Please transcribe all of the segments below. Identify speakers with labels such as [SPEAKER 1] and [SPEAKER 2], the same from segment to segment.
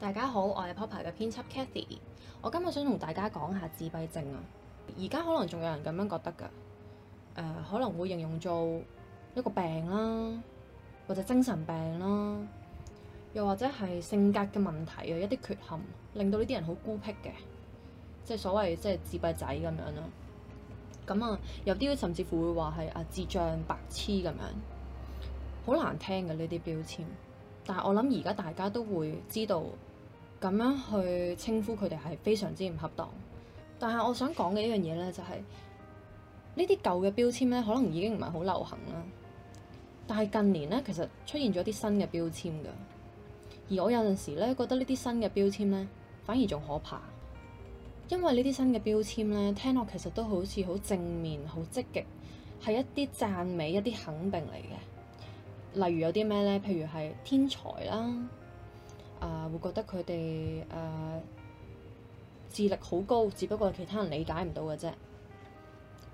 [SPEAKER 1] 大家好，我係 Popa 嘅編輯 Cathy，我今日想同大家講下自閉症啊。而家可能仲有人咁樣覺得噶、呃，可能會形容做一個病啦，或者精神病啦，又或者係性格嘅問題啊，一啲缺陷令到呢啲人好孤僻嘅，即係所謂即係自閉仔咁樣啦。咁啊，有啲甚至乎會話係啊智障白痴咁樣，好難聽嘅呢啲標籤。但係我諗而家大家都會知道。咁樣去稱呼佢哋係非常之唔恰當。但係我想講嘅一樣嘢呢，就係呢啲舊嘅標籤呢，可能已經唔係好流行啦。但係近年呢，其實出現咗啲新嘅標籤㗎。而我有陣時呢，覺得呢啲新嘅標籤呢，反而仲可怕。因為呢啲新嘅標籤呢，聽落其實都好似好正面、好積極，係一啲讚美、一啲肯定嚟嘅。例如有啲咩呢？譬如係天才啦。啊，uh, 會覺得佢哋誒智力好高，只不過係其他人理解唔到嘅啫。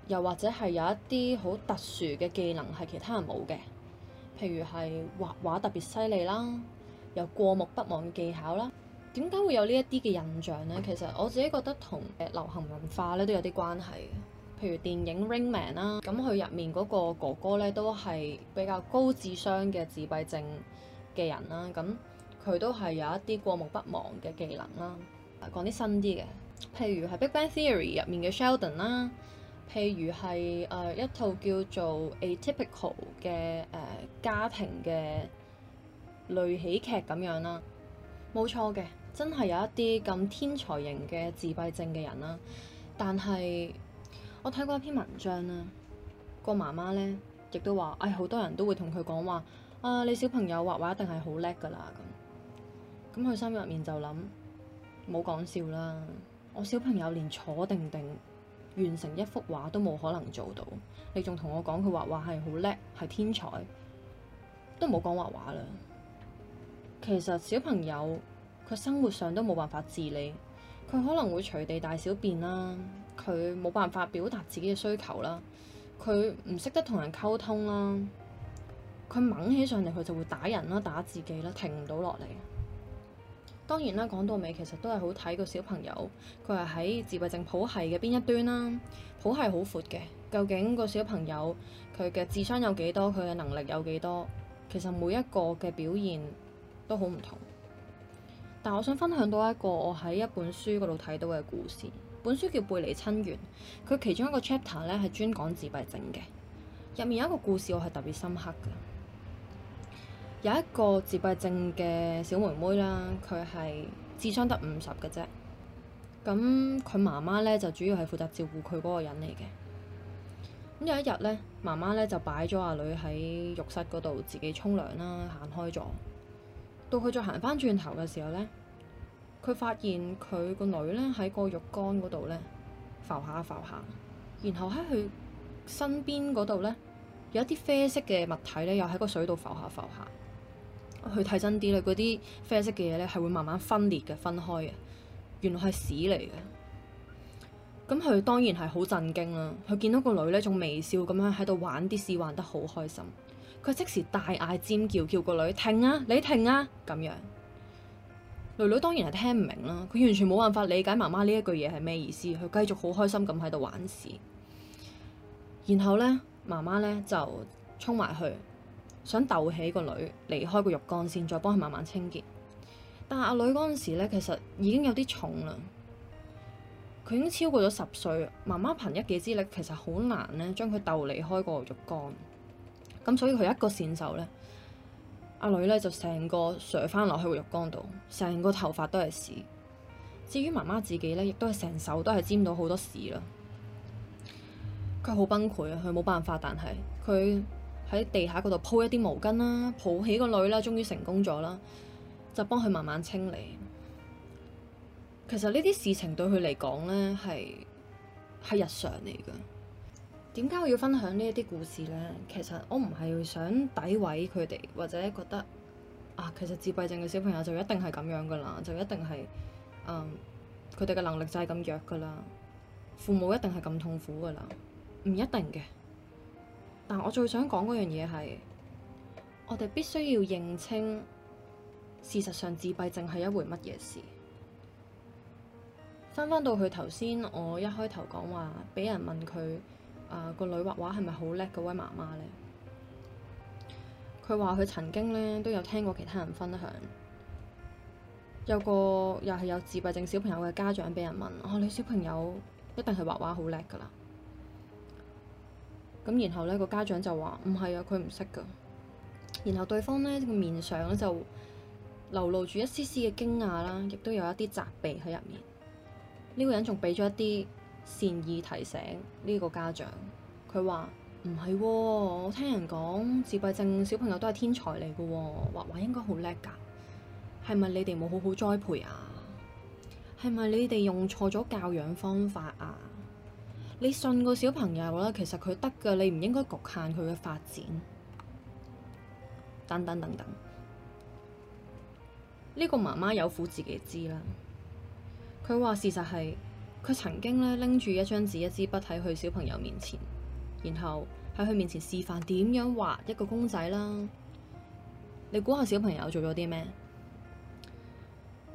[SPEAKER 1] 又或者係有一啲好特殊嘅技能，係其他人冇嘅，譬如係畫畫特別犀利啦，又過目不忘嘅技巧啦。點解會有呢一啲嘅印象呢？其實我自己覺得同誒流行文化咧都有啲關係，譬如電影《Rain Man》啦，咁佢入面嗰個哥哥呢，都係比較高智商嘅自閉症嘅人啦，咁。佢都係有一啲過目不忘嘅技能啦。講啲新啲嘅，譬如係《Big Bang Theory》入面嘅 Sheldon 啦，譬如係誒、呃、一套叫做《Atypical》呃嘅誒家庭嘅類喜劇咁樣啦。冇錯嘅，真係有一啲咁天才型嘅自閉症嘅人啦。但係我睇過一篇文章啦，個媽媽咧亦都話：唉，好多人都會同佢講話啊，你小朋友畫畫一定係好叻㗎啦咁。咁佢心入面就諗，冇講笑啦！我小朋友連坐定定完成一幅畫都冇可能做到，你仲同我講佢畫畫係好叻，係天才，都冇講畫畫啦。其實小朋友佢生活上都冇辦法自理，佢可能會隨地大小便啦，佢冇辦法表達自己嘅需求啦，佢唔識得同人溝通啦，佢掹起上嚟佢就會打人啦，打自己啦，停唔到落嚟。當然啦，講到尾其實都係好睇個小朋友，佢係喺自閉症譜系嘅邊一端啦。譜系好闊嘅，究竟個小朋友佢嘅智商有幾多，佢嘅能力有幾多？其實每一個嘅表現都好唔同。但我想分享到一個我喺一本書嗰度睇到嘅故事，本書叫《背離親緣》，佢其中一個 chapter 呢係專講自閉症嘅。入面有一個故事我係特別深刻嘅。有一個自閉症嘅小妹妹啦，佢係智商得五十嘅啫。咁佢媽媽呢，就主要係負責照顧佢嗰個人嚟嘅。咁有一日呢，媽媽呢，就擺咗阿女喺浴室嗰度自己沖涼啦，行開咗。到佢再行返轉頭嘅時候呢，佢發現佢個女呢，喺個浴缸嗰度呢，浮下浮下，然後喺佢身邊嗰度呢，有一啲啡色嘅物體呢，又喺個水度浮下浮下。去睇真啲呢，嗰啲啡色嘅嘢呢，係會慢慢分裂嘅，分開嘅，原來係屎嚟嘅。咁佢當然係好震驚啦。佢見到個女呢，仲微笑咁樣喺度玩啲屎，玩得好開心。佢即時大嗌尖叫，叫個女停啊！你停啊！咁樣，女女當然係聽唔明啦。佢完全冇辦法理解媽媽呢一句嘢係咩意思。佢繼續好開心咁喺度玩屎。然後呢，媽媽呢，就衝埋去。想逗起個女離開個浴缸先，再幫佢慢慢清潔。但阿女嗰陣時呢，其實已經有啲重啦，佢已經超過咗十歲。媽媽憑一己之力其實好難呢，將佢逗離開個浴缸。咁、嗯、所以佢一個跣手呢，阿女呢就成個錘翻落去個浴缸度，成個頭髮都係屎。至於媽媽自己呢，亦都係成手都係沾到好多屎啦。佢好崩潰啊！佢冇辦法，但係佢。喺地下嗰度鋪一啲毛巾啦，抱起個女啦，終於成功咗啦，就幫佢慢慢清理。其實呢啲事情對佢嚟講呢，係係日常嚟噶。點解我要分享呢一啲故事呢？其實我唔係想詆毀佢哋，或者覺得啊，其實自閉症嘅小朋友就一定係咁樣噶啦，就一定係嗯佢哋嘅能力就係咁弱噶啦，父母一定係咁痛苦噶啦，唔一定嘅。但我最想講嗰樣嘢係，我哋必須要認清事實上自閉症係一回乜嘢事。翻返到去頭先，我一開頭講話，俾人問佢啊個女畫畫係咪好叻嗰位媽媽呢？佢話佢曾經呢都有聽過其他人分享，有個又係有自閉症小朋友嘅家長俾人問，我、哦、女小朋友一定係畫畫好叻㗎啦。咁然後呢個家長就話唔係啊，佢唔識㗎。然後對方呢個面上就流露住一絲絲嘅驚訝啦，亦都有一啲責備喺入面。呢個人仲俾咗一啲善意提醒呢個家長。佢話唔係喎，我聽人講自閉症小朋友都係天才嚟嘅，畫畫應該好叻㗎。係咪你哋冇好好栽培啊？係咪你哋用錯咗教養方法啊？你信個小朋友啦，其實佢得噶，你唔應該局限佢嘅發展。等等等等，呢個媽媽有苦自己知啦。佢話事實係，佢曾經呢拎住一張紙一支筆喺佢小朋友面前，然後喺佢面前示範點樣畫一個公仔啦。你估下小朋友做咗啲咩？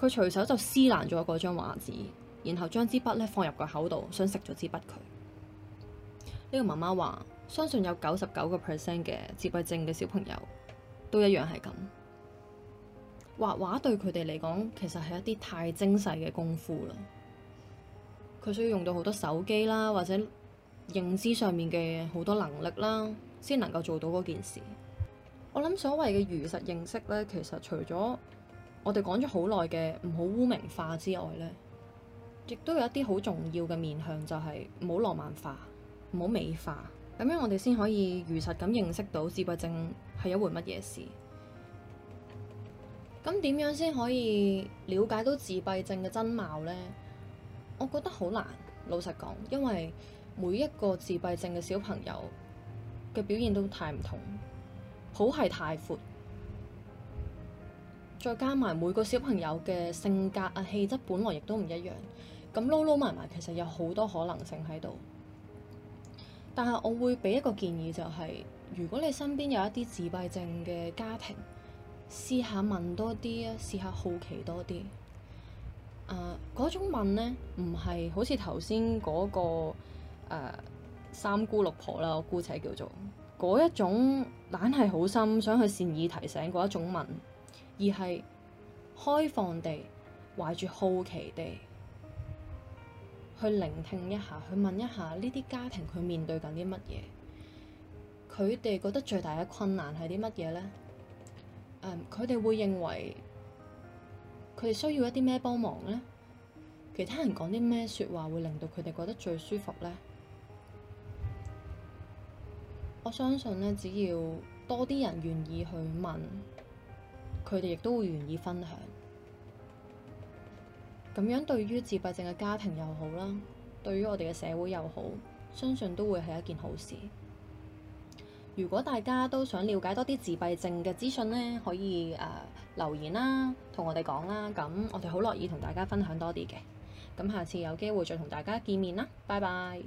[SPEAKER 1] 佢隨手就撕爛咗嗰張畫紙。然後將支筆咧放入個口度，想食咗支筆佢。呢個媽媽話，相信有九十九個 percent 嘅自閉症嘅小朋友都一樣係咁。畫畫對佢哋嚟講，其實係一啲太精細嘅功夫啦。佢需要用到好多手機啦，或者認知上面嘅好多能力啦，先能夠做到嗰件事。我諗所謂嘅如實認識呢，其實除咗我哋講咗好耐嘅唔好污名化之外呢。亦都有一啲好重要嘅面向，就係唔好浪漫化，唔好美化，咁樣我哋先可以如實咁認識到自閉症係一回乜嘢事。咁點樣先可以了解到自閉症嘅真貌呢？我覺得好難，老實講，因為每一個自閉症嘅小朋友嘅表現都太唔同，好係太闊，再加埋每個小朋友嘅性格啊、氣質本來亦都唔一樣。咁撈撈埋埋，其實有好多可能性喺度，但係我會俾一個建議，就係，就係如果你身邊有一啲自閉症嘅家庭，試下問多啲啊，試下好奇多啲。啊、呃，嗰種問呢，唔係好似頭先嗰個、呃、三姑六婆啦，我姑且叫做嗰一種懶係好心想去善意提醒嗰一種問，而係開放地懷住好奇地，去聆聽一下，去問一下呢啲家庭佢面對緊啲乜嘢？佢哋覺得最大嘅困難係啲乜嘢呢？誒，佢哋會認為佢哋需要一啲咩幫忙呢？其他人講啲咩說話會令到佢哋覺得最舒服呢？我相信咧，只要多啲人願意去問，佢哋亦都會願意分享。咁樣對於自閉症嘅家庭又好啦，對於我哋嘅社會又好，相信都會係一件好事。如果大家都想了解多啲自閉症嘅資訊呢，可以誒、呃、留言啦，同我哋講啦，咁我哋好樂意同大家分享多啲嘅。咁下次有機會再同大家見面啦，拜拜。